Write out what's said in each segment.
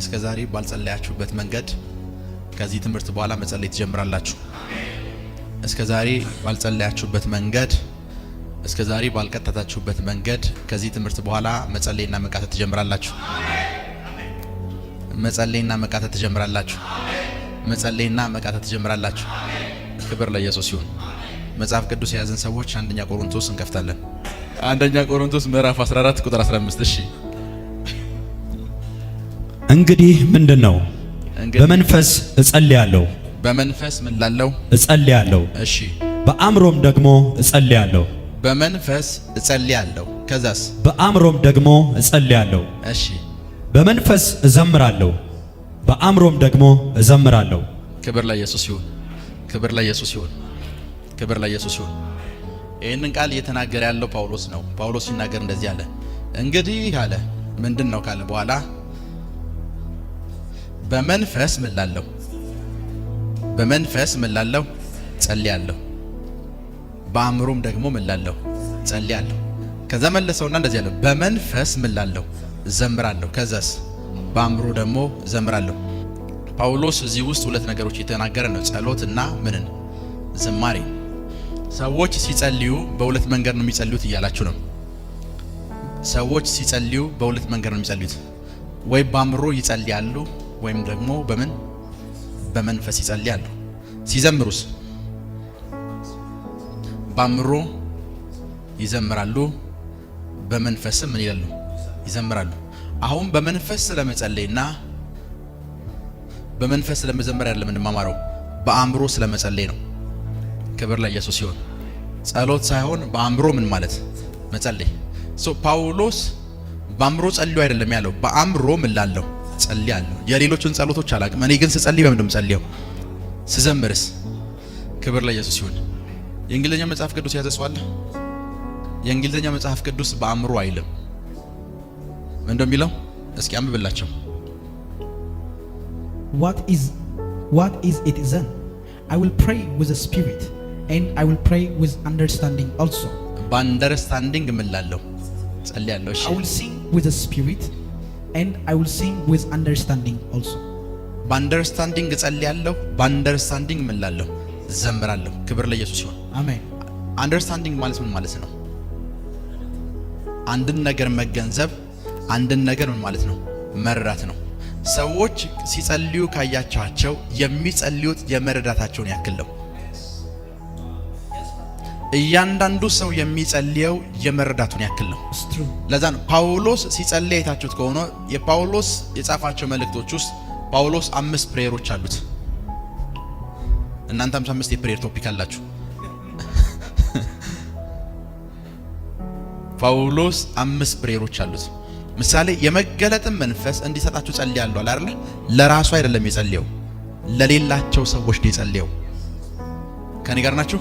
እስከ ዛሬ ባልጸለያችሁበት መንገድ ከዚህ ትምህርት በኋላ መጸለይ ትጀምራላችሁ። እስከ ዛሬ ባልጸለያችሁበት መንገድ፣ እስከ ዛሬ ባልቀጠታችሁበት መንገድ ከዚህ ትምህርት በኋላ መጸለይና መቃተት ትጀምራላችሁ። መጸለይና መቃተት ትጀምራላችሁ። መጸለይና መቃተት ትጀምራላችሁ። ክብር ለኢየሱስ ይሁን። መጽሐፍ ቅዱስ የያዘን ሰዎች አንደኛ ቆሮንቶስ እንከፍታለን። አንደኛ ቆሮንቶስ ምዕራፍ 14 ቁጥር 15 እሺ እንግዲህ ምንድን ነው በመንፈስ እጸልያለሁ በመንፈስ ምን ላለው እጸልያለሁ። እሺ በአእምሮም ደግሞ እጸልያለሁ። በመንፈስ እጸልያለሁ። ከዛስ በአእምሮም ደግሞ እጸልያለሁ። እሺ በመንፈስ እዘምራለሁ፣ በአእምሮም ደግሞ እዘምራለሁ። ክብር ለኢየሱስ ይሁን፣ ክብር ለኢየሱስ ይሁን፣ ክብር ለኢየሱስ ይሁን። ይህንን ቃል እየተናገረ ያለው ጳውሎስ ነው። ጳውሎስ ሲናገር እንደዚህ አለ። እንግዲህ አለ ምንድን ነው ካለ በኋላ በመንፈስ ምላለሁ፣ በመንፈስ ምላለሁ፣ ጸልያለሁ። በአእምሮም ደግሞ ምላለሁ፣ ጸልያለሁ። ከዛ መለሰውና እንደዚህ ያለው በመንፈስ ምላለሁ፣ ዘምራለሁ። ከዛስ በአእምሮ ደግሞ ዘምራለሁ። ጳውሎስ እዚህ ውስጥ ሁለት ነገሮች የተናገረ ነው፣ ጸሎት እና ምንን ዝማሬ። ሰዎች ሲጸልዩ በሁለት መንገድ ነው የሚጸልዩት እያላችሁ ነው። ሰዎች ሲጸልዩ በሁለት መንገድ ነው የሚጸልዩት፣ ወይ በአእምሮ ይጸልያሉ ወይም ደግሞ በምን በመንፈስ ይጸልያሉ። ሲዘምሩስ ባምሮ ይዘምራሉ፣ በመንፈስም ምን ይላሉ ይዘምራሉ። አሁን በመንፈስ ስለመጸለይና በመንፈስ ስለመዘመር ያለ የምንማማረው በአእምሮ ስለመጸለይ ነው። ክብር ለኢየሱስ ሲሆን ጸሎት ሳይሆን በአእምሮ ምን ማለት መጸለይ። ሶ ጳውሎስ በአእምሮ ጸልዩ አይደለም ያለው፣ በአእምሮ ምን ላለው ጸልያለሁ። የሌሎችን ጸሎቶች አላቅም። እኔ ግን ስጸልይ በምንድን ጸልየው ስዘምርስ ክብር ለኢየሱስ ይሁን። የእንግሊዝኛ መጽሐፍ ቅዱስ የያዘ ሰው አለ? የእንግሊዝኛ መጽሐፍ ቅዱስ በአእምሮ አይልም። እንደሚለው እስኪ አንብብላቸው። what is what is it then i will pray with a spirit and i will pray with understanding also በአንደርስታንዲንግ እምላለሁ ጸልያለሁ። እሺ i will sing with a spirit and I will sing with understanding also በአንደርስታንዲንግ እጸልያለሁ፣ በአንደርስታንዲንግ እምላለሁ፣ እዘምራለሁ። ክብር ለኢየሱስ ይሁን። አሜን። አንደርስታንዲንግ ማለት ምን ማለት ነው? አንድን ነገር መገንዘብ፣ አንድን ነገር ምን ማለት ነው? መረዳት ነው። ሰዎች ሲጸልዩ ካያቸዋቸው የሚጸልዩት የመረዳታቸውን ያክል ነው። እያንዳንዱ ሰው የሚጸልየው የመረዳቱን ያክል ነው። ለዛ ነው ጳውሎስ ሲጸልይ የታችሁት ከሆነ የጳውሎስ የጻፋቸው መልእክቶች ውስጥ ጳውሎስ አምስት ፕሬየሮች አሉት። እናንተም አምስት የፕሬየር ቶፒክ አላችሁ። ጳውሎስ አምስት ፕሬየሮች አሉት። ምሳሌ የመገለጥን መንፈስ እንዲሰጣችሁ ጸልያለሁ አለ አይደል? ለራሱ አይደለም የጸልየው፣ ለሌላቸው ሰዎች ነው የጸልየው ከኔ ጋር ናችሁ?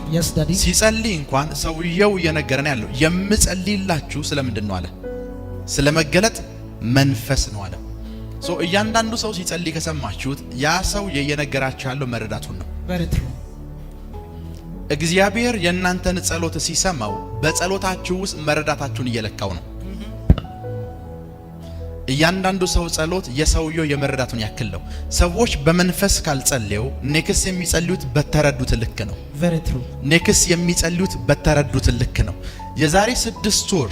ሲጸልይ እንኳን ሰውየው እየነገረን ያለው የምጸልይላችሁ ስለምንድን ነው አለ። ስለ መገለጥ መንፈስ ነው አለ። ሶ እያንዳንዱ ሰው ሲጸልይ ከሰማችሁት ያ ሰው እየነገራችሁ ያለው መረዳቱን ነው። እግዚአብሔር የእናንተን ጸሎት ሲሰማው በጸሎታችሁ ውስጥ መረዳታችሁን እየለካው ነው። እያንዳንዱ ሰው ጸሎት የሰውየው የመረዳቱን ያክል ነው። ሰዎች በመንፈስ ካልጸለዩ ኔክስ የሚጸልዩት በተረዱት ልክ ነው። ኔክስ የሚጸልዩት በተረዱት ልክ ነው። የዛሬ ስድስት ወር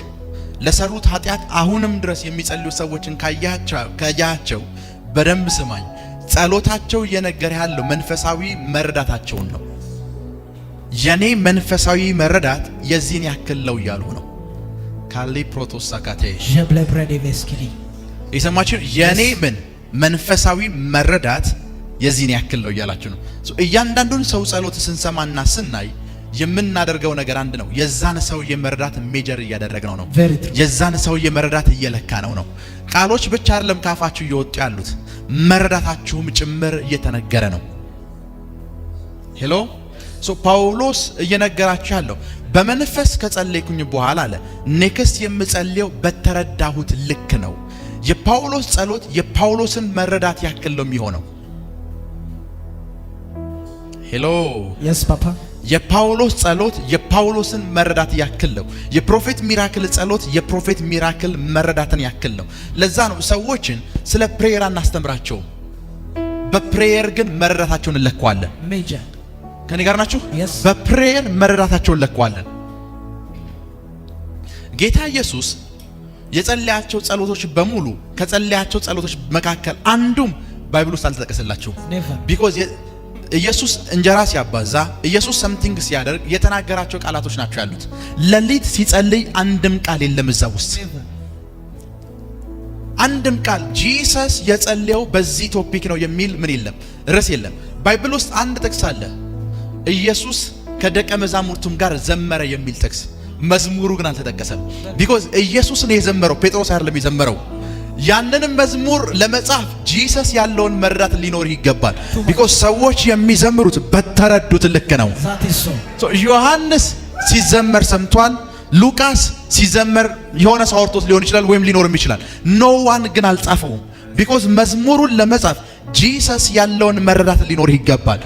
ለሰሩት ኃጢአት አሁንም ድረስ የሚጸልዩ ሰዎችን ካያቸው በደንብ ስማኝ፣ ጸሎታቸው እየነገረ ያለው መንፈሳዊ መረዳታቸውን ነው። የኔ መንፈሳዊ መረዳት የዚህን ያክል ነው እያሉ ነው ብረዴ ቬስኪሊ የሰማችሁ የኔ ምን መንፈሳዊ መረዳት የዚህን ያክል ነው እያላችሁ ነው። እያንዳንዱን ሰው ጸሎት ስንሰማና ስናይ የምናደርገው ነገር አንድ ነው። የዛን ሰውዬ መረዳት ሜጀር እያደረግ ነው። የዛን ሰውዬ መረዳት እየለካ ነው ነው ቃሎች ብቻ አይደለም ካፋችሁ እየወጡ ያሉት መረዳታችሁም ጭምር እየተነገረ ነው። ሄሎ ሶ ጳውሎስ እየነገራችሁ ያለው በመንፈስ ከጸለይኩኝ በኋላ አለ ኔክስት የምጸልየው በተረዳሁት ልክ ነው። የጳውሎስ ጸሎት የጳውሎስን መረዳት ያክል ነው የሚሆነው። ሄሎ የስ ፓፓ የጳውሎስ ጸሎት የጳውሎስን መረዳት ያክል ነው። የፕሮፌት ሚራክል ጸሎት የፕሮፌት ሚራክል መረዳትን ያክል ነው። ለዛ ነው ሰዎችን ስለ ፕሬየር አናስተምራቸውም። በፕሬየር ግን መረዳታቸውን እንለካዋለን። ሜጀር ከኔ ጋር ናችሁ? በፕሬየር መረዳታቸውን እንለካዋለን። ጌታ ኢየሱስ የጸለያቸው ጸሎቶች በሙሉ ከጸለያቸው ጸሎቶች መካከል አንዱም ባይብል ውስጥ አልተጠቀሰላቸውም። ቢኮዝ ኢየሱስ እንጀራ ሲያባዛ ኢየሱስ ሰምቲንግ ሲያደርግ የተናገራቸው ቃላቶች ናቸው ያሉት። ሌሊት ሲጸልይ አንድም ቃል የለም እዛ ውስጥ አንድም ቃል ጂሰስ የጸለየው በዚህ ቶፒክ ነው የሚል ምን የለም፣ ርዕስ የለም። ባይብል ውስጥ አንድ ጥቅስ አለ። ኢየሱስ ከደቀ መዛሙርቱም ጋር ዘመረ የሚል ጥቅስ መዝሙሩ ግን አልተጠቀሰም። ቢኮዝ ኢየሱስ ነው የዘመረው፣ ጴጥሮስ አይደለም የዘመረው። ያንንም መዝሙር ለመጻፍ ጂሰስ ያለውን መረዳት ሊኖር ይገባል። ቢኮዝ ሰዎች የሚዘምሩት በተረዱት ልክ ነው። ዮሐንስ ሲዘመር ሰምቷል። ሉቃስ ሲዘመር የሆነ ሰው አውርቶት ሊሆን ይችላል ወይም ሊኖርም ይችላል። ኖ ዋን ግን አልጻፈውም። ቢኮዝ መዝሙሩን ለመጻፍ ጂሰስ ያለውን መረዳት ሊኖር ይገባል።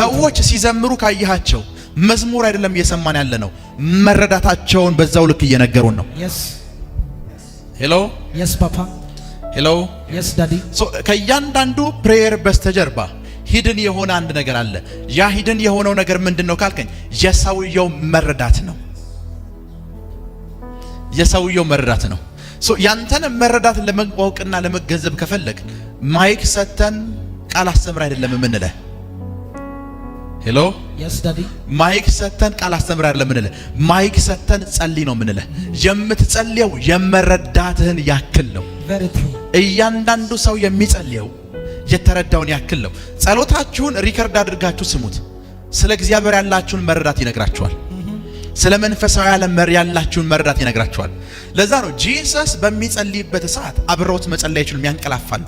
ሰዎች ሲዘምሩ ካየሃቸው መዝሙር አይደለም እየሰማን ያለ ነው። መረዳታቸውን በዛው ልክ እየነገሩን ነው። ሄሎ የስ ፓፓ ሄሎ የስ ዳዲ። ከእያንዳንዱ ፕሬየር በስተጀርባ ሂድን የሆነ አንድ ነገር አለ። ያ ሂድን የሆነው ነገር ምንድን ነው ካልከኝ የሰውየው መረዳት ነው። የሰውየው መረዳት ነው። ያንተን መረዳት ለማወቅና ለመገንዘብ ከፈለግ ማይክ ሰጥተን ቃል አስተምር አይደለም የምንለህ ሄሎ ማይክ ሰተን ቃል አስተምር አይደለም ምንለ ማይክ ሰተን ጸልይ ነው ምንለ የምትጸልየው የመረዳትህን ያክል ነው። እያንዳንዱ ሰው የሚጸልየው የተረዳውን ያክል ነው። ጸሎታችሁን ሪከርድ አድርጋችሁ ስሙት። ስለ እግዚአብሔር ያላችሁን መረዳት ይነግራችኋል። ስለ መንፈሳዊ ዓለም ያላችሁን መረዳት ይነግራችኋል። ለዛ ነው ጂሰስ በሚጸልይበት ሰዓት አብረውት መጸለይ አይችሉም፣ ያንቀላፋሉ።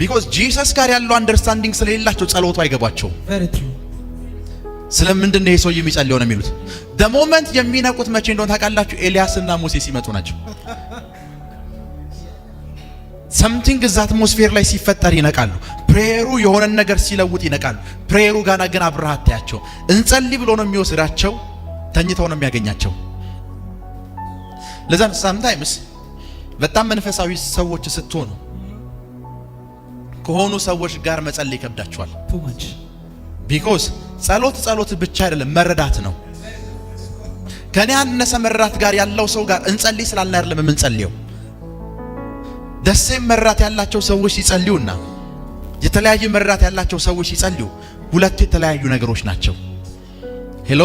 ቢኮዝ ጂሰስ ጋር ያለው አንደርስታንዲንግ ስለሌላቸው ጸሎቱ አይገባቸውም። ስለምንድን ነው ይሄ ሰው የሚጸልየው ነው የሚሉት። ደ ሞመንት የሚነቁት መቼ እንደሆነ ታውቃላችሁ? ኤልያስና ሙሴ ሲመጡ ናቸው። ሰምቲንግ እዛ አትሞስፌር ላይ ሲፈጠር ይነቃሉ። ፕሬየሩ የሆነ ነገር ሲለውጥ ይነቃሉ። ፕሬየሩ ጋና ግን አብረሃት ታያቸው። እንጸልይ ብሎ ነው የሚወስዳቸው፣ ተኝተው ነው የሚያገኛቸው። ለዛም ሳምታይምስ በጣም መንፈሳዊ ሰዎች ስትሆኑ ከሆኑ ሰዎች ጋር መጸለይ ይከብዳቸዋል። ቢኮዝ ጸሎት ጸሎት ብቻ አይደለም መረዳት ነው። ከኔ ያነሰ መረዳት ጋር ያለው ሰው ጋር እንጸልይ ስላልን አይደለም የምንጸልየው። ደሴም መረዳት ያላቸው ሰዎች ሲጸልዩና የተለያዩ መረዳት ያላቸው ሰዎች ሲጸልዩ ሁለቱ የተለያዩ ነገሮች ናቸው። ሄሎ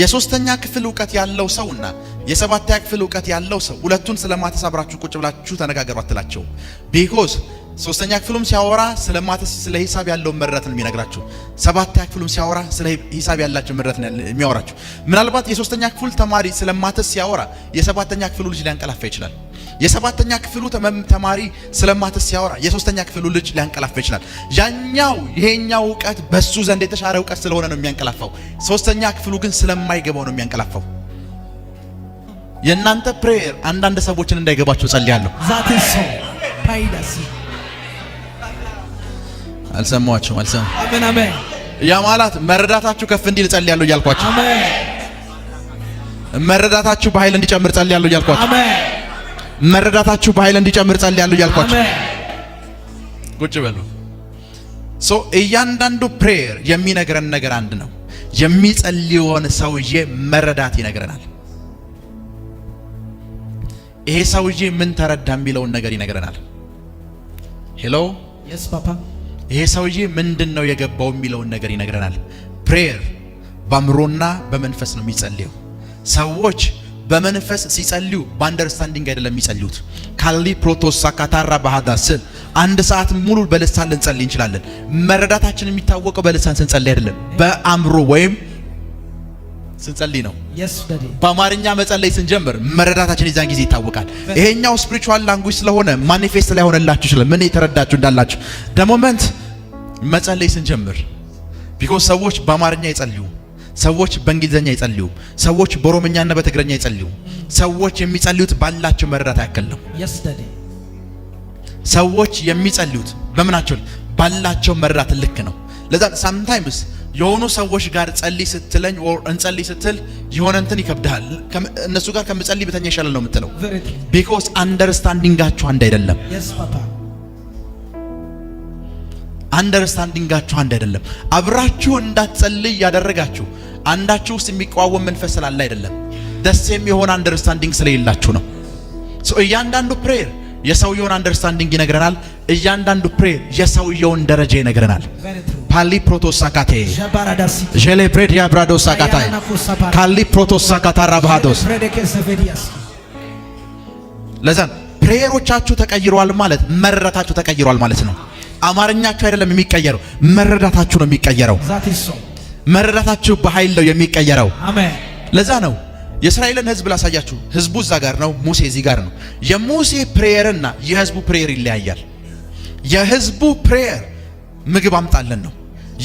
የሶስተኛ ክፍል እውቀት ያለው ሰውና የሰባተኛ ክፍል እውቀት ያለው ሰው ሁለቱን ስለማተሳብራችሁ ቁጭ ብላችሁ ተነጋገሩ አትላቸው ቢኮዝ ሶስተኛ ክፍሉም ሲያወራ ስለ ማተስ ስለ ሂሳብ ያለውን ምረት ነው የሚነግራችሁ። ሰባተኛ ክፍሉም ሲያወራ ስለ ሂሳብ ያላቸው ምረት ነው የሚያወራችሁ። ምናልባት የሶስተኛ ክፍል ተማሪ ስለ ማተስ ሲያወራ የሰባተኛ ክፍሉ ልጅ ሊያንቀላፋ ይችላል። የሰባተኛ ክፍሉ ተማሪ ስለ ማተስ ሲያወራ የሶስተኛ ክፍሉ ልጅ ሊያንቀላፋ ይችላል። ያኛው ይሄኛው እውቀት በሱ ዘንድ የተሻለ እውቀት ስለሆነ ነው የሚያንቀላፋው። ሶስተኛ ክፍሉ ግን ስለማይገባው ነው የሚያንቀላፋው። የእናንተ ፕሬየር አንዳንድ ሰዎችን እንዳይገባቸው ጸልያለሁ። አልሰማችሁም? አልሰማ አሜን፣ አሜን። ያ ማለት መረዳታችሁ ከፍ እንዲል ጸልያለሁ እያልኳችሁ፣ አሜን። መረዳታችሁ በኃይል እንዲጨምር ጸልያለሁ እያልኳችሁ፣ አሜን። መረዳታችሁ በኃይል እንዲጨምር ጸልያለሁ እያልኳችሁ፣ ቁጭ በሉ። ሶ እያንዳንዱ ፕሬየር የሚነግረን ነገር አንድ ነው። የሚጸልየውን ሰውዬ መረዳት ይነግረናል። ይሄ ሰውዬ ምን ተረዳ የሚለውን ነገር ይነግረናል። ሄሎ የስ ፓፓ ይሄ ሰውዬ ምንድን ነው የገባው የሚለውን ነገር ይነግረናል። ፕሬየር በአእምሮና በመንፈስ ነው የሚጸልየው። ሰዎች በመንፈስ ሲጸልዩ በአንደርስታንዲንግ አይደለም የሚጸልዩት። ካሊ ፕሮቶሳ ካታራ ባህዳ ስል አንድ ሰዓት ሙሉ በልሳን ልንጸልይ እንችላለን። መረዳታችን የሚታወቀው በልሳን ስንጸልይ አይደለም፣ በአእምሮ ወይም ስንጸልይ ነው። በአማርኛ መጸለይ ስንጀምር መረዳታችን የዛን ጊዜ ይታወቃል። ይሄኛው ስፒሪቹዋል ላንጉጅ ስለሆነ ማኒፌስት ላይ ሆነላችሁ ይችላል። ምን የተረዳችሁ እንዳላችሁ ደሞመንት መጸለይ ስንጀምር ቢኮዝ ሰዎች በአማርኛ ይጸልዩ፣ ሰዎች በእንግሊዝኛ ይጸልዩ፣ ሰዎች በኦሮምኛና በትግረኛ ይጸልዩ፣ ሰዎች የሚጸልዩት ባላቸው መረዳት ያክል ነው። ሰዎች የሚጸልዩት በምናቸው ባላቸው መረዳት ልክ ነው። ለዛ ሳምታይምስ የሆኑ ሰዎች ጋር ጸልይ ስትለኝ እንጸልይ ስትል የሆነ እንትን ይከብዳል። እነሱ ጋር ከምጸልይ ብተኛ ይሻላል ነው የምትለው። ቢኮዝ አንደርስታንዲንጋችሁ አንድ አይደለም። አንደርስታንዲንጋችሁ አንድ አይደለም። አብራችሁ እንዳትጸልይ ያደረጋችሁ አንዳችሁ ውስጥ የሚቋወም መንፈስ ስላለ አይደለም፣ ደሴም የሆነ አንደርስታንዲንግ ስለሌላችሁ ነው። እያንዳንዱ ፕሬየር የሰውየውን አንደርስታንዲንግ ይነግረናል። እያንዳንዱ ፕሬየር የሰውየውን ደረጃ ይነግረናል። ፓሊ ፕሮቶሳካቴ ጀሌ ፕሬዲያ ብራዶስ አካታ ካሊ ፕሮቶሳካታ ራባዶስ ለዛን ፕሬየሮቻችሁ ተቀይሯል ማለት መረዳታችሁ ተቀይሯል ማለት ነው። አማርኛችሁ አይደለም የሚቀየረው፣ መረዳታችሁ ነው የሚቀየረው። መረዳታችሁ በኃይል ነው የሚቀየረው። ለዛ ነው የእስራኤልን ሕዝብ ላሳያችሁ። ሕዝቡ እዛ ጋር ነው፣ ሙሴ እዚህ ጋር ነው። የሙሴ ፕሬየርና የሕዝቡ ፕሬየር ይለያያል። የሕዝቡ ፕሬየር ምግብ አምጣለን ነው።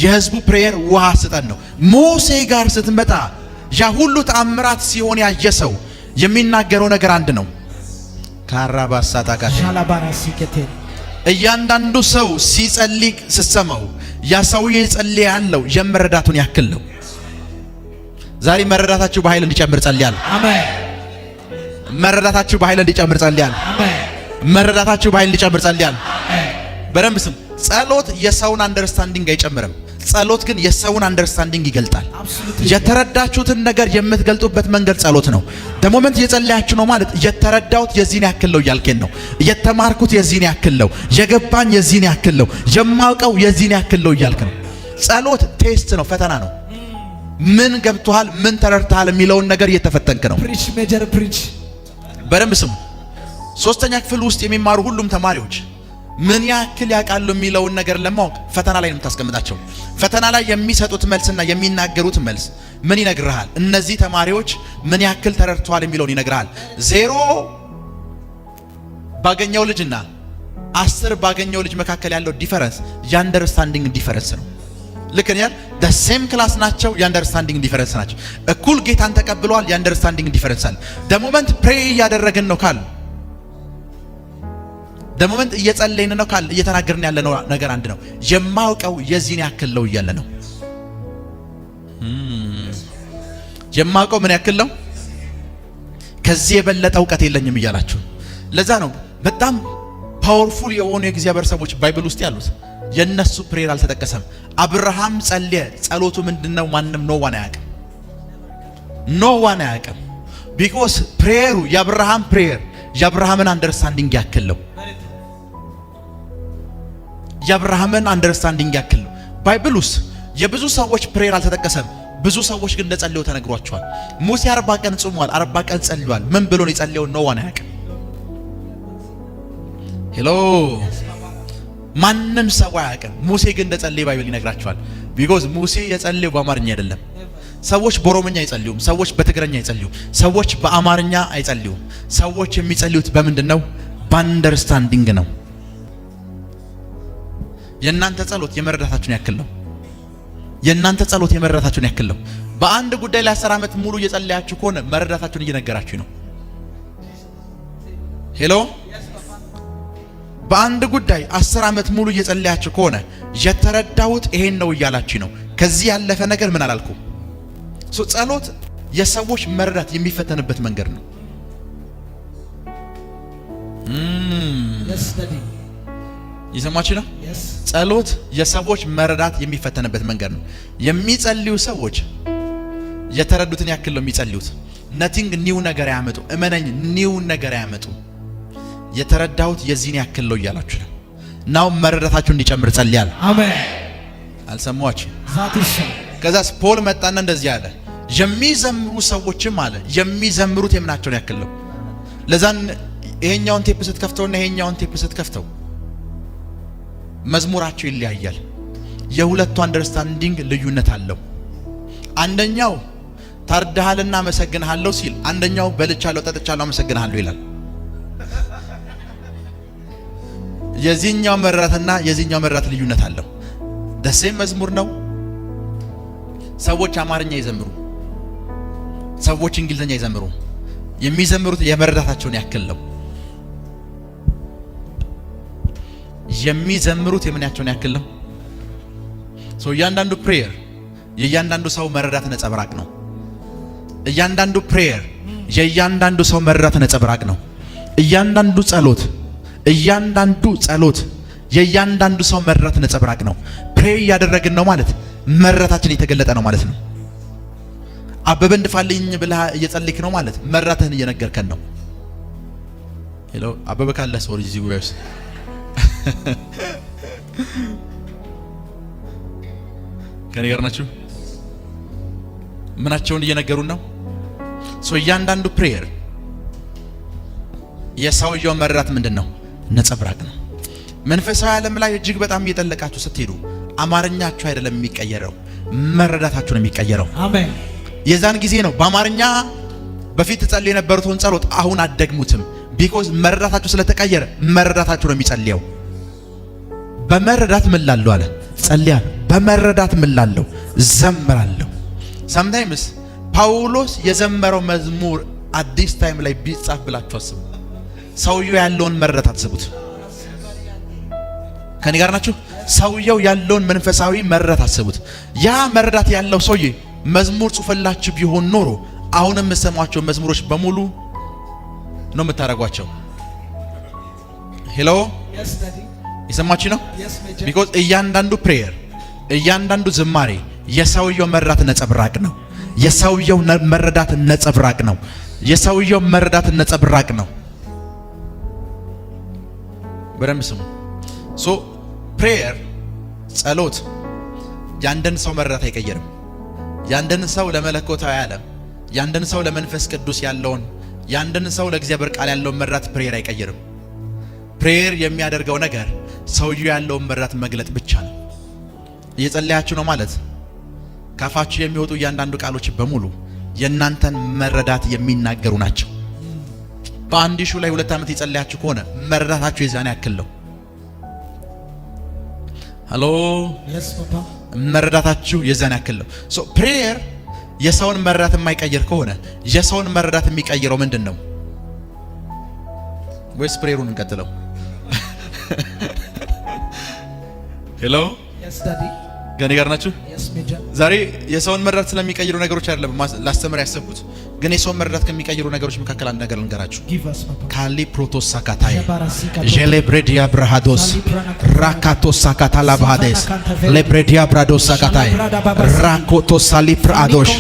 የህዝቡ ፕሬየር ውሃ ስጠን ነው። ሙሴ ጋር ስትመጣ ያ ሁሉ ተአምራት ሲሆን ያየ ሰው የሚናገረው ነገር አንድ ነው። ካራባሳታ እያንዳንዱ ሰው ሲጸልይ ስትሰማው ያ ሰውዬ ጸልይ ያለው የመረዳቱን ያክል ነው። ዛሬ መረዳታችሁ በኃይል እንዲጨምር ጸልያለሁ። አሜን። መረዳታችሁ በኃይል እንዲጨምር ጸልያለሁ። አሜን። መረዳታችሁ በኃይል እንዲጨምር ጸልያለሁ። በደንብ ስም ጸሎት የሰውን አንደርስታንዲንግ አይጨምርም። ጸሎት ግን የሰውን አንደርስታንዲንግ ይገልጣል። የተረዳችሁትን ነገር የምትገልጡበት መንገድ ጸሎት ነው። ደሞመንት እየጸለያችሁ ነው ማለት የተረዳሁት የዚህን ያክል ነው እያልከን ነው። የተማርኩት የዚህን ያክል ነው፣ የገባኝ የዚህን ያክል ነው፣ የማውቀው የዚህን ያክል ነው እያልክ ነው። ጸሎት ቴስት ነው፣ ፈተና ነው። ምን ገብቶሃል፣ ምን ተረድተሃል የሚለውን ነገር እየተፈተንክ ነው። ፕሪች ሜጀር ፕሪች። በደንብ ስሙ። ሶስተኛ ክፍል ውስጥ የሚማሩ ሁሉም ተማሪዎች ምን ያክል ያውቃሉ የሚለውን ነገር ለማወቅ ፈተና ላይ ነው የምታስቀምጣቸው። ፈተና ላይ የሚሰጡት መልስና የሚናገሩት መልስ ምን ይነግርሃል? እነዚህ ተማሪዎች ምን ያክል ተረድተዋል የሚለውን ይነግርሃል። ዜሮ ባገኘው ልጅና አስር ባገኘው ልጅ መካከል ያለው ዲፈረንስ የአንደርስታንዲንግ ዲፈረንስ ነው። ልክ ደ ሴም ክላስ ናቸው፣ የአንደርስታንዲንግ ዲፈረንስ ናቸው። እኩል ጌታን ተቀብለዋል፣ የአንደርስታንዲንግ ዲፈረንስ አለ። ሞመንት ፕሬይ እያደረግን ነው ካሉ ደግሞ ምን እየጸለይን ነው ካል እየተናገርን ነው ነገር አንድ ነው። የማውቀው የዚህን ያክል ነው እያለ ነው። hmm. የማውቀው ምን ያክል ነው? ከዚህ የበለጠ እውቀት የለኝም እያላችሁ ለዛ ነው በጣም ፓወርፉል የሆኑ የእግዚአብሔር ሰዎች ባይብል ውስጥ ያሉት የነሱ ፕሬር አልተጠቀሰም። አብርሃም ጸለየ። ጸሎቱ ምንድነው? ማንም ኖዋን ዋን አያውቅም። ኖ አያውቅም። ቢኮስ ፕሬየሩ የአብርሃም ፕሬየር የአብርሃምን አንደርስታንዲንግ ያክል ነው። የአብርሃምን አንደርስታንዲንግ ያክል ነው። ባይብል ውስጥ የብዙ ሰዎች ፕሬር አልተጠቀሰም። ብዙ ሰዎች ግን እንደጸለዩ ተነግሯቸዋል። ሙሴ አርባ ቀን ጾሟል፣ አርባ ቀን ጸልሏል። ምን ብሎ ነው የጸለየው? ነው ዋና ሄሎ ማንም ሰው አያውቅም። ሙሴ ግን እንደጸለየ ባይብል ይነግራቸዋል። ቢኮዝ ሙሴ የጸለየው በአማርኛ አይደለም። ሰዎች በኦሮምኛ አይጸልዩም። ሰዎች በትግረኛ አይጸልዩም። ሰዎች በአማርኛ አይጸልዩም። ሰዎች የሚጸልዩት በምንድን ነው? በአንደርስታንዲንግ ነው። የእናንተ ጸሎት የመረዳታችሁን ያክል ነው። የእናንተ ጸሎት የመረዳታችሁን ያክል ነው። በአንድ ጉዳይ ላይ አስር ዓመት ሙሉ እየጸለያችሁ ከሆነ መረዳታችሁን እየነገራችሁ ነው። ሄሎ በአንድ ጉዳይ አስር ዓመት ሙሉ እየጸለያችሁ ከሆነ የተረዳሁት ይሄን ነው እያላችሁ ነው። ከዚህ ያለፈ ነገር ምን አላልኩ? ጸሎት የሰዎች መረዳት የሚፈተንበት መንገድ ነው። ይሰማችሁ ነው። ጸሎት የሰዎች መረዳት የሚፈተንበት መንገድ ነው። የሚጸልዩ ሰዎች የተረዱትን ያክል ነው የሚጸልዩት። ነቲንግ ኒው ነገር ያመጡ እመነኝ፣ ኒው ነገር ያመጡ የተረዳሁት የዚህን ያክል ነው እያላችሁ ነው። ናው መረዳታችሁ እንዲጨምር ጸልያል። አሜን። አልሰማችሁ? ከዛስ ፖል መጣና እንደዚህ አለ፣ የሚዘምሩ ሰዎችም አለ የሚዘምሩት የምናቸውን ያክል ነው። ለዛን ይሄኛውን ቴፕ ስትከፍተውና ይሄኛውን ቴፕ ስትከፍተው መዝሙራቸው ይለያያል። የሁለቱ አንደርስታንዲንግ ልዩነት አለው። አንደኛው ታርዳሃልና አመሰግንሃለሁ ሲል፣ አንደኛው በልቻለሁ ጠጥቻለሁ አመሰግንሃለሁ ይላል። የዚህኛው መረዳትና የዚህኛው መረዳት ልዩነት አለው። ደሴም መዝሙር ነው። ሰዎች አማርኛ ይዘምሩ፣ ሰዎች እንግሊዝኛ ይዘምሩ፣ የሚዘምሩት የመረዳታቸውን ያክል ነው። የሚዘምሩት የምንያቸውን ያክል ነው? ሰው እያንዳንዱ ፕሬየር የእያንዳንዱ ሰው መረዳት ነጸብራቅ ነው። እያንዳንዱ ፕሬየር የእያንዳንዱ ሰው መረዳት ነጸብራቅ ነው። እያንዳንዱ ጸሎት እያንዳንዱ ጸሎት የእያንዳንዱ ሰው መረዳት ነጸብራቅ ነው። ፕሬይ እያደረግን ነው ማለት መረዳታችን እየተገለጠ ነው ማለት ነው። አበበ እንድፋልኝ ብለህ እየጸልክ ነው ማለት መረዳትህን እየነገርከን ነው። ሄሎ አበበ ካለ ሰው ልጅ እዚህ ጉባኤ ውስጥ ከኔ ጋር ናችሁ? ምናቸውን እየነገሩን ነው? ሶ እያንዳንዱ ፕሬየር የሰውየው መረዳት ምንድን ነው? ነጸብራቅ ነው። መንፈሳዊ ዓለም ላይ እጅግ በጣም እየጠለቃችሁ ስትሄዱ አማርኛችሁ አይደለም የሚቀየረው፣ መረዳታችሁ ነው የሚቀየረው። አሜን። የዛን ጊዜ ነው በአማርኛ በፊት ትጸልይ የነበሩትን ጸሎት አሁን አደግሙትም። ቢኮዝ መረዳታችሁ ስለተቀየረ መረዳታችሁ ነው የሚጸልየው። በመረዳት ምላለሁ አለ ጸልያ በመረዳት ምላለሁ ዘምራለሁ። ሳምታይምስ ጳውሎስ የዘመረው መዝሙር አዲስ ታይም ላይ ቢጻፍ ብላችሁ አስቡ። ሰውየው ያለውን መረዳት አስቡት። ከኔ ጋር ናችሁ? ሰውየው ያለውን መንፈሳዊ መረዳት አስቡት። ያ መረዳት ያለው ሰውዬ መዝሙር ጽፈላችሁ ቢሆን ኖሮ አሁን የምሰማቸው መዝሙሮች በሙሉ ነው የምታደርጓቸው። ሄሎ የሰማች ነው። ቢኮዝ እያንዳንዱ ፕሬየር እያንዳንዱ ዝማሬ የሰውየው መረዳት ነጸብራቅ ነው። የሰውየው መረዳት ነጸብራቅ ነው። የሰውየው መረዳት ነጸብራቅ ነው። በደንብ ስሙ። ሶ ፕሬየር ጸሎት ያንደን ሰው መረዳት አይቀየርም። ያንደን ሰው ለመለኮታዊ ዓለም ያንደን ሰው ለመንፈስ ቅዱስ ያለውን ያንደን ሰው ለእግዚአብሔር ቃል ያለውን መረዳት ፕሬየር አይቀይርም። ፕሬየር የሚያደርገው ነገር ሰውየው ያለውን መረዳት መግለጥ ብቻ ነው። እየጸለያችሁ ነው ማለት ካፋችሁ የሚወጡ እያንዳንዱ ቃሎች በሙሉ የእናንተን መረዳት የሚናገሩ ናቸው። በአንድ ሹ ላይ ሁለት ዓመት የጸለያችሁ ከሆነ መረዳታችሁ የዛን ያክል ነው። ሃሎ መረዳታችሁ የዛን ያክል ነው። ሶ ፕሬየር የሰውን መረዳት የማይቀይር ከሆነ የሰውን መረዳት የሚቀይረው ምንድን ነው? ወይስ ፕሬየሩን እንቀጥለው? ሄሎ ገኔ ጋር ናችሁ? ዛሬ የሰውን መረዳት ስለሚቀይሩ ነገሮች አይደለም ላስተምር ያሰብኩት፣ ግን የሰውን መረዳት ከሚቀይሩ ነገሮች መካከል አንድ ነገር ልንገራችሁ። ካሊ ፕሮቶስ ሳካታይ ጀሌብሬዲያ ብራሃዶስ ራካቶስ ሳካታ ላባሃዴስ ሌብሬዲያ ብራዶስ ሳካታይ ራኮቶ ሳሊ ፕራዶሽ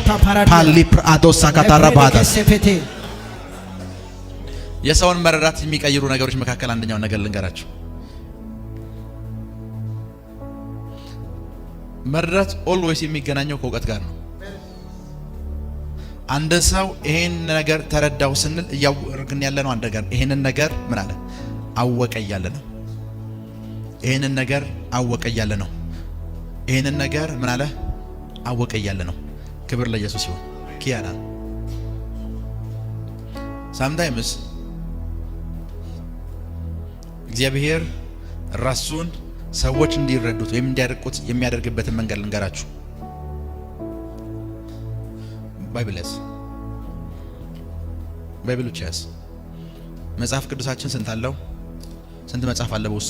ፓሊ ፕራዶስ ሳካታ ራባዳስ የሰውን መረዳት የሚቀይሩ ነገሮች መካከል አንደኛው ነገር ልንገራችሁ መረዳት ኦልዌይስ የሚገናኘው ከእውቀት ጋር ነው። አንድ ሰው ይሄን ነገር ተረዳው ስንል እያወርግን ያለ ነው። አንድ ነገር ይሄንን ነገር ምን አለ አወቀ እያለ ነው። ይሄንን ነገር አወቀ እያለ ነው። ይሄንን ነገር ምን አለ አወቀ እያለ ነው። ክብር ለኢየሱስ ይሁን። ኪያና ሳምታይምስ እግዚአብሔር ራሱን ሰዎች እንዲረዱት ወይም እንዲያደርቁት የሚያደርግበትን መንገድ ልንገራችሁ። ባይብለስ ያዝ፣ መጽሐፍ ቅዱሳችን ስንት አለው? ስንት መጽሐፍ አለ በውሱ?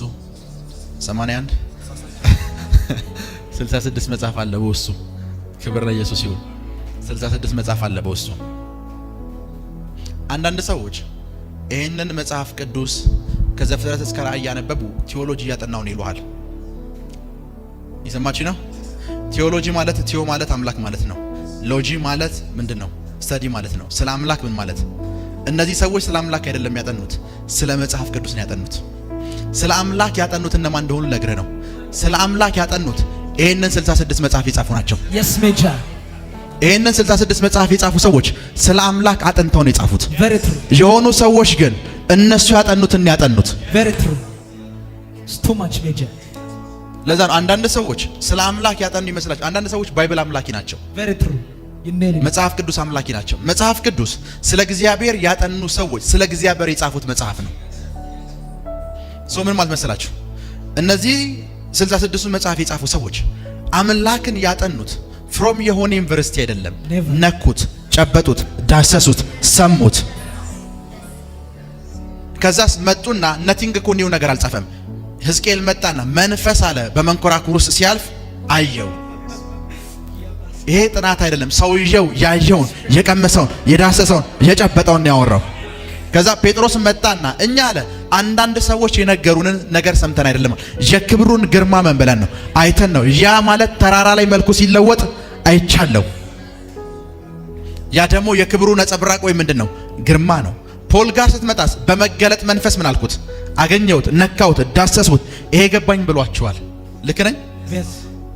81 66 መጽሐፍ አለ በውሱ። ክብር ለኢየሱስ ይሁን። 66 መጽሐፍ አለ በውስጡ። አንዳንድ ሰዎች ይህንን መጽሐፍ ቅዱስ ከዘፍጥረት እስከ ራእይ እያነበቡ ቴዎሎጂ እያጠናውን ይሉሃል። የሰማች ነው። ቴዎሎጂ ማለት ቲዮ ማለት አምላክ ማለት ነው። ሎጂ ማለት ምንድን ነው? ስተዲ ማለት ነው። ስለ አምላክ ምን ማለት እነዚህ ሰዎች ስለ አምላክ አይደለም ያጠኑት፣ ስለ መጽሐፍ ቅዱስ ነው ያጠኑት። ስለ አምላክ ያጠኑት እነማን እንደሆኑ ለግረ ነው። ስለ አምላክ ያጠኑት ይሄንን 66 መጽሐፍ የጻፉ ናቸው። yes ሜጃ ይሄንን 66 መጽሐፍ የጻፉ ሰዎች ስለ አምላክ አጥንተው ነው የጻፉት። የሆኑ ሰዎች ግን እነሱ ያጠኑትን ያጠኑት very ትሩ ስቱ ማች ሜጃ ለዛ አንዳንድ ሰዎች ስለ አምላክ ያጠኑ ይመስላቸው። አንዳንድ ሰዎች ባይብል አምላኪ ናቸው። መጽሐፍ ቅዱስ አምላኪ ናቸው። መጽሐፍ ቅዱስ ስለ እግዚአብሔር ያጠኑ ሰዎች ስለ እግዚአብሔር የጻፉት መጽሐፍ ነው። ሶ ምን ማለት መሰላችሁ? እነዚህ 66ቱን መጽሐፍ የጻፉ ሰዎች አምላክን ያጠኑት ፍሮም የሆነ ዩኒቨርሲቲ አይደለም። ነኩት፣ ጨበጡት፣ ዳሰሱት፣ ሰሙት። ከዛስ መጡና ነቲንግ እኮ ኒው ነገር አልጻፈም ህዝቅኤል መጣና መንፈስ አለ በመንኮራኩር ውስጥ ሲያልፍ አየው። ይሄ ጥናት አይደለም። ሰውየው ያየውን የቀመሰውን የዳሰሰውን የጨበጠውን ነው ያወራው። ከዛ ጴጥሮስ መጣና እኛ አለ አንዳንድ ሰዎች የነገሩንን ነገር ሰምተን አይደለም፣ የክብሩን ግርማ መንበለን ነው አይተን ነው። ያ ማለት ተራራ ላይ መልኩ ሲለወጥ አይቻለው። ያ ደግሞ የክብሩ ነጸብራቅ ወይ ምንድን ነው ግርማ ነው። ፖል ጋር ስትመጣስ በመገለጥ መንፈስ ምን አልኩት አገኘሁት፣ ነካሁት፣ ዳሰስሁት፣ ይሄ ገባኝ ብሏቸዋል። ልክ ነኝ?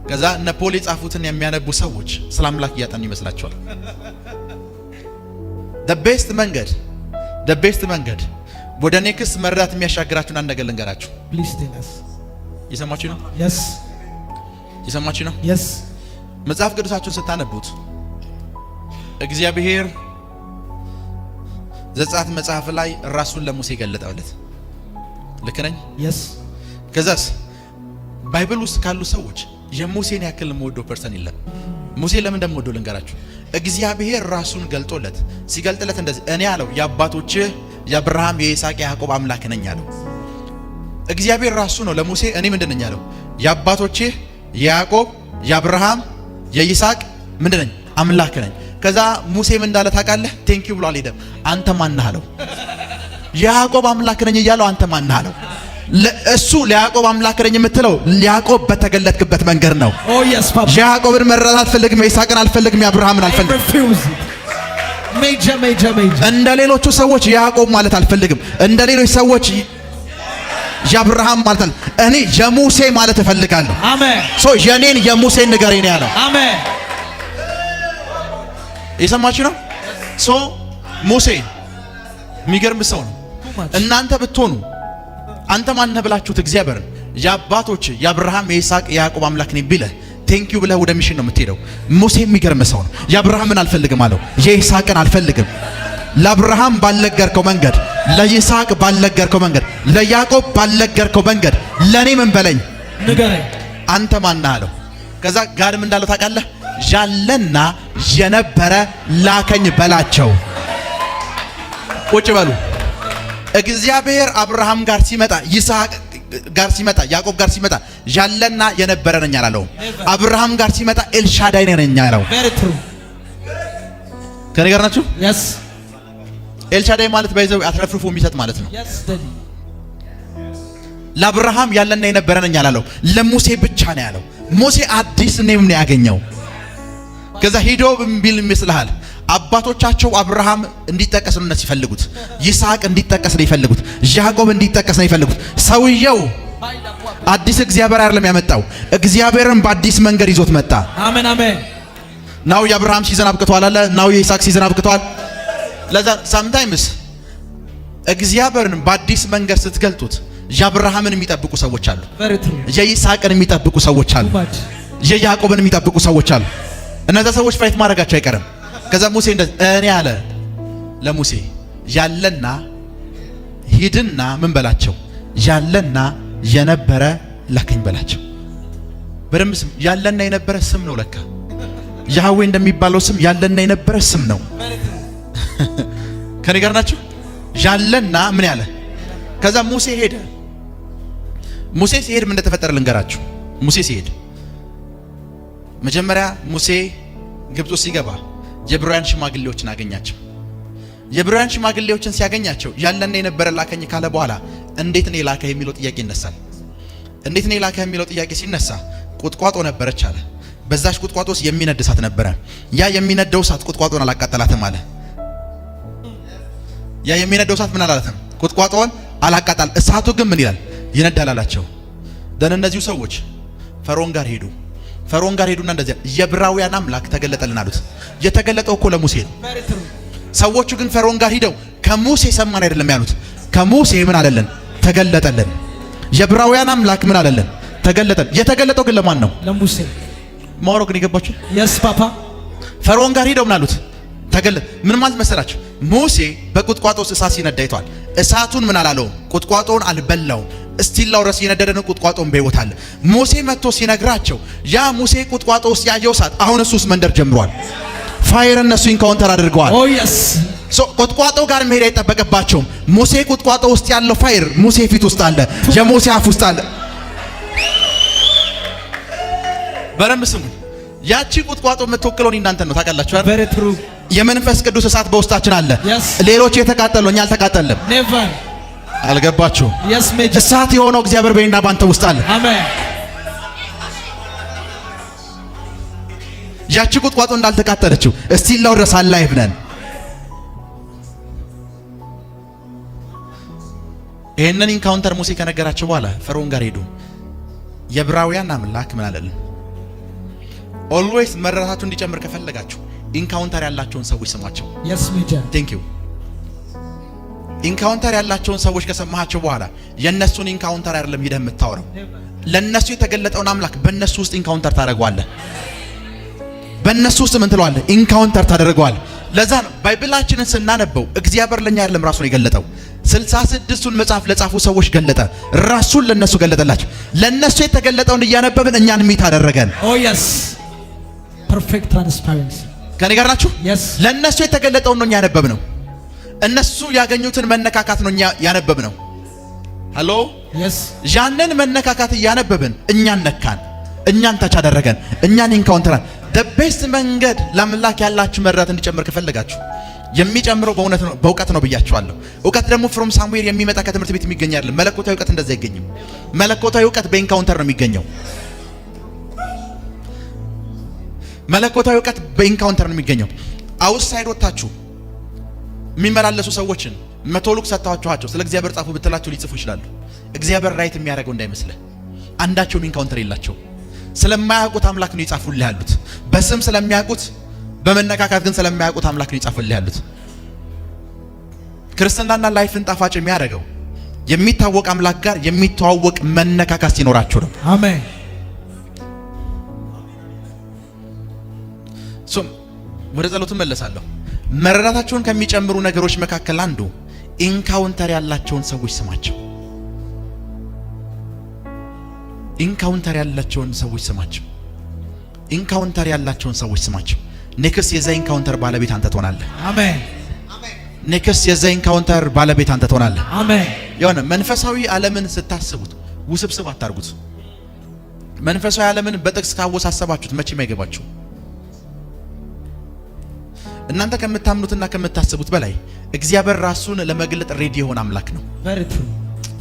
ከዛ እነ ፖል የጻፉትን የሚያነቡ ሰዎች ስለ አምላክ እያጠኑ ይመስላቸዋል። ቤስት መንገድ ቤስት መንገድ ወደ ኔክስት መረዳት የሚያሻግራችሁን አንድ ነገር ልንገራችሁ። የሰማችሁ ነው የሰማችሁ ነው። መጽሐፍ ቅዱሳችሁን ስታነቡት እግዚአብሔር ዘጸአት መጽሐፍ ላይ ራሱን ለሙሴ ገለጠለት። ልክ ነኝ? የስ ከዛስ ባይብል ውስጥ ካሉ ሰዎች የሙሴን ያክል የምወደው ፐርሰን የለም። ሙሴ ለምን እንደምወደው ልንገራችሁ። እግዚአብሔር ራሱን ገልጦለት ሲገልጥለት እንደዚህ እኔ አለው የአባቶችህ የአብርሃም የይስሐቅ የያዕቆብ አምላክ ነኝ አለው። እግዚአብሔር ራሱ ነው ለሙሴ እኔ ምንድን ነኝ አለው የአባቶችህ የያዕቆብ የአብርሃም የይስሐቅ ምንድን ነኝ አምላክ ነኝ። ከዛ ሙሴም እንዳለ ታውቃለህ ቴንኪው ብሎ አልሄደም። አንተ ማን ነህ አለው የያዕቆብ አምላክ ነኝ እያለው አንተ ማን አለው? እሱ ለያዕቆብ አምላክ ነኝ የምትለው ያዕቆብ በተገለጥክበት መንገድ ነው። oh, ያዕቆብን መረዳት አልፈልግም፣ ይስሐቅን አልፈልግም፣ አብርሃምን አልፈልግም። እንደ ሌሎቹ ሰዎች ያዕቆብ ማለት አልፈልግም። እንደ ሌሎች ሰዎች የአብርሃም ማለት እኔ የሙሴ ማለት እፈልጋለሁ። አሜን። ሶ የኔን የሙሴ ንገረኝ ነው ያለው። አሜን። የሰማችሁ ነው። ሶ ሙሴ የሚገርም ሰው ነው። እናንተ ብትሆኑ አንተ ማን ነህ ብላችሁት እግዚአብሔርን የአባቶች የአብርሃም የይስሐቅ የያዕቆብ አምላክ ነኝ ቢልህ ቴንኪዩ ብለህ ወደ ሚሽን ነው የምትሄደው። ሙሴ የሚገርም ሰው ነው። የአብርሃምን አልፈልግም አለው፣ የይስሐቅን አልፈልግም። ለአብርሃም ባልነገርከው መንገድ፣ ለይስሐቅ ባልነገርከው መንገድ፣ ለያዕቆብ ባልነገርከው መንገድ ለእኔ ምን በለኝ ንገረኝ። አንተ ማን ነህ አለው። ከዛ ጋድም እንዳለው ታውቃለህ፣ ያለና የነበረ ላከኝ በላቸው። ቁጭ በሉ። እግዚአብሔር አብርሃም ጋር ሲመጣ ይስሐቅ ጋር ሲመጣ ያዕቆብ ጋር ሲመጣ ያለና የነበረ ነኝ አላለው። አብርሃም ጋር ሲመጣ ኤልሻዳይ ነኝ አለው። ከኔ ጋር ናችሁ? ኤልሻዳይ ማለት በይዘው አትረፍርፎ የሚሰጥ ማለት ነው። ለአብርሃም ያለና የነበረ ነኝ አላለው። ለሙሴ ብቻ ነው ያለው። ሙሴ አዲስ ኔም ነው ያገኘው። ከዛ ሂዶ ቢል ይመስልሃል አባቶቻቸው አብርሃም እንዲጠቀስ ነው ሲፈልጉት፣ ይስሐቅ እንዲጠቀስ ነው ይፈልጉት። ያዕቆብ እንዲጠቀስ ነው ይፈልጉት። ሰውየው አዲስ እግዚአብሔር አይደለም ያመጣው፣ እግዚአብሔርን በአዲስ መንገድ ይዞት መጣ። አሜን አሜን። ናው የአብርሃም ሲዘን አብቅቷል አለ። ናው የይስሐቅ ሲዘን አብቅቷል። ለዛ ሳምታይምስ እግዚአብሔርን በአዲስ መንገድ ስትገልጡት የአብርሃምን የሚጠብቁ ሰዎች አሉ፣ የይስሐቅን የሚጠብቁ ሰዎች አሉ፣ የያዕቆብን የሚጠብቁ ሰዎች አሉ። እነዛ ሰዎች ፋይት ማድረጋቸው አይቀርም። ከዛ ሙሴ እንደ እኔ አለ ለሙሴ ያለና ሂድና ምን በላቸው ያለና የነበረ ላከኝ በላቸው። በደንብ ስም ያለና የነበረ ስም ነው። ለካ ያህዌ እንደሚባለው ስም ያለና የነበረ ስም ነው። ከኔ ጋር ናቸው። ያለና ምን ያለ ከዛ ሙሴ ሄደ። ሙሴ ሲሄድ ምን እንደተፈጠረ ልንገራችሁ። ሙሴ ሲሄድ መጀመሪያ ሙሴ ግብፅ ሲገባ የብራውያን ሽማግሌዎችን አገኛቸው። የብራውያን ሽማግሌዎችን ሲያገኛቸው ያለና የነበረ ላከኝ ካለ በኋላ እንዴት ነው ላከህ የሚለው ጥያቄ ይነሳል። እንዴት ነው ላከህ የሚለው ጥያቄ ሲነሳ ቁጥቋጦ ነበረች አለ። በዛች ቁጥቋጦ ውስጥ የሚነድ እሳት ነበረ። ያ የሚነደው እሳት ቁጥቋጦን አላቃጠላትም አለ። ያ የሚነደው እሳት ምን አላላትም? ቁጥቋጦን አላቃጠል። እሳቱ ግን ምን ይላል? ይነዳል አላቸው። ደን እነዚሁ ሰዎች ፈርዖን ጋር ሄዱ። ፈርዖን ጋር ሄዱና እንደዚያ የብራውያን አምላክ ተገለጠልን አሉት። የተገለጠው እኮ ለሙሴ ነው። ሰዎቹ ግን ፈርዖን ጋር ሂደው ከሙሴ ሰማን አይደለም ያሉት። ከሙሴ ምን አለልን? ተገለጠልን። የብራውያን አምላክ ምን አለልን? ተገለጠልን። የተገለጠው ግን ለማን ነው? ለሙሴ ማወሮ ግን የገባችሁ የስ ፓፓ ፈርዖን ጋር ሄደው ምን አሉት? ምን ማለት መሰላችሁ? ሙሴ በቁጥቋጦ እሳት ሲነዳ ይቷል። እሳቱን ምን አላለውም? ቁጥቋጦውን አልበላውም። እስቲላው ድረስ የነደደን ቁጥቋጦን በሕይወት አለ። ሙሴ መጥቶ ሲነግራቸው ያ ሙሴ ቁጥቋጦ ውስጥ ያየው እሳት አሁን እሱ መንደር ጀምሯል። ፋየር እነሱ ኢንካውንተር አድርገዋል። ቁጥቋጦ ጋር መሄድ አይጠበቅባቸውም። ሙሴ ቁጥቋጦ ውስጥ ያለው ፋየር ሙሴ ፊት ውስጥ አለ፣ የሙሴ አፍ ውስጥ አለ። በረም ስሙ። ያቺ ቁጥቋጦ የምትወክለውን እናንተን ነው ታውቃላችሁ አይደል? የመንፈስ ቅዱስ እሳት በውስጣችን አለ። ሌሎች የተቃጠሉ እኛ አልተቃጠልንም። አልገባችሁ? እሳት የሆነው እግዚአብሔር በእኔና ባንተ ውስጥ አለ። አሜን። ያቺ ቁጥቋጦ እንዳልተቃጠለችው እስቲላው ድረስ አላይፍ ነን። ይህንን ኢንካውንተር ሙሴ ከነገራቸው በኋላ ፈርዖን ጋር ሄዱ። የብራውያን አምላክ ምን አለልን? ኦልዌይስ መረታቱ እንዲጨምር ከፈለጋችሁ ኢንካውንተር ያላቸውን ሰዎች ስሟቸው። ቴንክ ዩ ኢንካውንተር ያላቸውን ሰዎች ከሰማሃቸው በኋላ የእነሱን ኢንካውንተር አይደለም ሂደህ የምታወራው፣ ለእነሱ የተገለጠውን አምላክ በእነሱ ውስጥ ኢንካውንተር ታደርገዋለህ። በእነሱ ውስጥ ምን ትለዋለህ? ኢንካውንተር ታደርገዋለህ። ለዛ ነው ባይብላችንን ስናነበው እግዚአብሔር ለኛ አይደለም ራሱን የገለጠው ስልሳ ስድስቱን መጽሐፍ ለጻፉ ሰዎች ገለጠ። ራሱን ለነሱ ገለጠላቸው። ለነሱ የተገለጠውን እያነበብን እኛን ሚት አደረገን። ኦ ፐርፌክት ትራንስፓረንሲ ከኔ ጋር ናችሁ። ለነሱ የተገለጠውን ነው እኛ ያነበብነው። እነሱ ያገኙትን መነካካት ነው እኛ ያነበብ ነው። ሄሎ ያንን መነካካት እያነበብን እኛን ነካን፣ እኛን ታች አደረገን፣ እኛን ኢንካውንተራን። ደቤስት መንገድ ለአምላክ ያላችሁ መረዳት እንዲጨምር ከፈለጋችሁ የሚጨምረው በእውነት ነው፣ በእውቀት ነው ብያችኋለሁ። እውቀት ደግሞ ፍሮም ሳሙኤል የሚመጣ ከትምህርት ቤት የሚገኝ አይደለም። መለኮታዊ እውቀት እንደዛ አይገኝም። መለኮታዊ እውቀት በኢንካውንተር ነው የሚገኘው። መለኮታዊ እውቀት በኢንካውንተር ነው የሚገኘው። አውትሳይድ ወታችሁ የሚመላለሱ ሰዎችን መቶ ሉክ ሰጥታችኋቸው ስለ እግዚአብሔር ጻፉ ብትላቸው ሊጽፉ ይችላሉ። እግዚአብሔር ራይት የሚያደርገው እንዳይመስልህ። አንዳቸውም ኢንካውንተር የላቸው። ስለማያውቁት አምላክ ነው ይጻፉልህ ያሉት። በስም ስለሚያውቁት በመነካካት ግን ስለማያውቁት አምላክ ነው ይጻፉልህ ያሉት። ክርስትናና ላይፍን ጣፋጭ የሚያደርገው የሚታወቅ አምላክ ጋር የሚተዋወቅ መነካካት ሲኖራቸው ነው። አሜን። ወደ ጸሎት እመለሳለሁ። መረዳታቸውን ከሚጨምሩ ነገሮች መካከል አንዱ ኢንካውንተር ያላቸውን ሰዎች ስማቸው። ኢንካውንተር ያላቸውን ሰዎች ስማቸው። ኢንካውንተር ያላቸውን ሰዎች ስማቸው። ንክስ የዛ ኢንካውንተር ባለቤት አንተ ትሆናለህ። አሜን። ንክስ የዛ ኢንካውንተር ባለቤት አንተ ትሆናለህ። አሜን። የሆነ መንፈሳዊ ዓለምን ስታስቡት ውስብስብ አታርጉት። መንፈሳዊ ዓለምን በጥቅስ ካወሳሰባችሁት መቼም አይገባችሁ። እናንተ ከምታምኑትና ከምታስቡት በላይ እግዚአብሔር ራሱን ለመግለጥ ሬዲ የሆነ አምላክ ነው። በርቱ።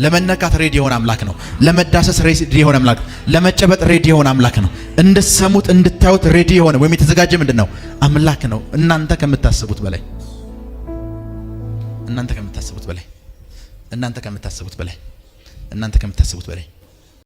ለመነካት ሬዲ የሆነ አምላክ ነው። ለመዳሰስ ሬዲ የሆነ አምላክ ነው። ለመጨበጥ ሬዲ የሆነ አምላክ ነው። እንድትሰሙት እንድታዩት ሬዲ የሆነ ወይም የተዘጋጀ ምንድን ነው አምላክ ነው። እናንተ ከምታስቡት በላይ እናንተ ከምታስቡት በላይ እናንተ ከምታስቡት በላይ እናንተ ከምታስቡት በላይ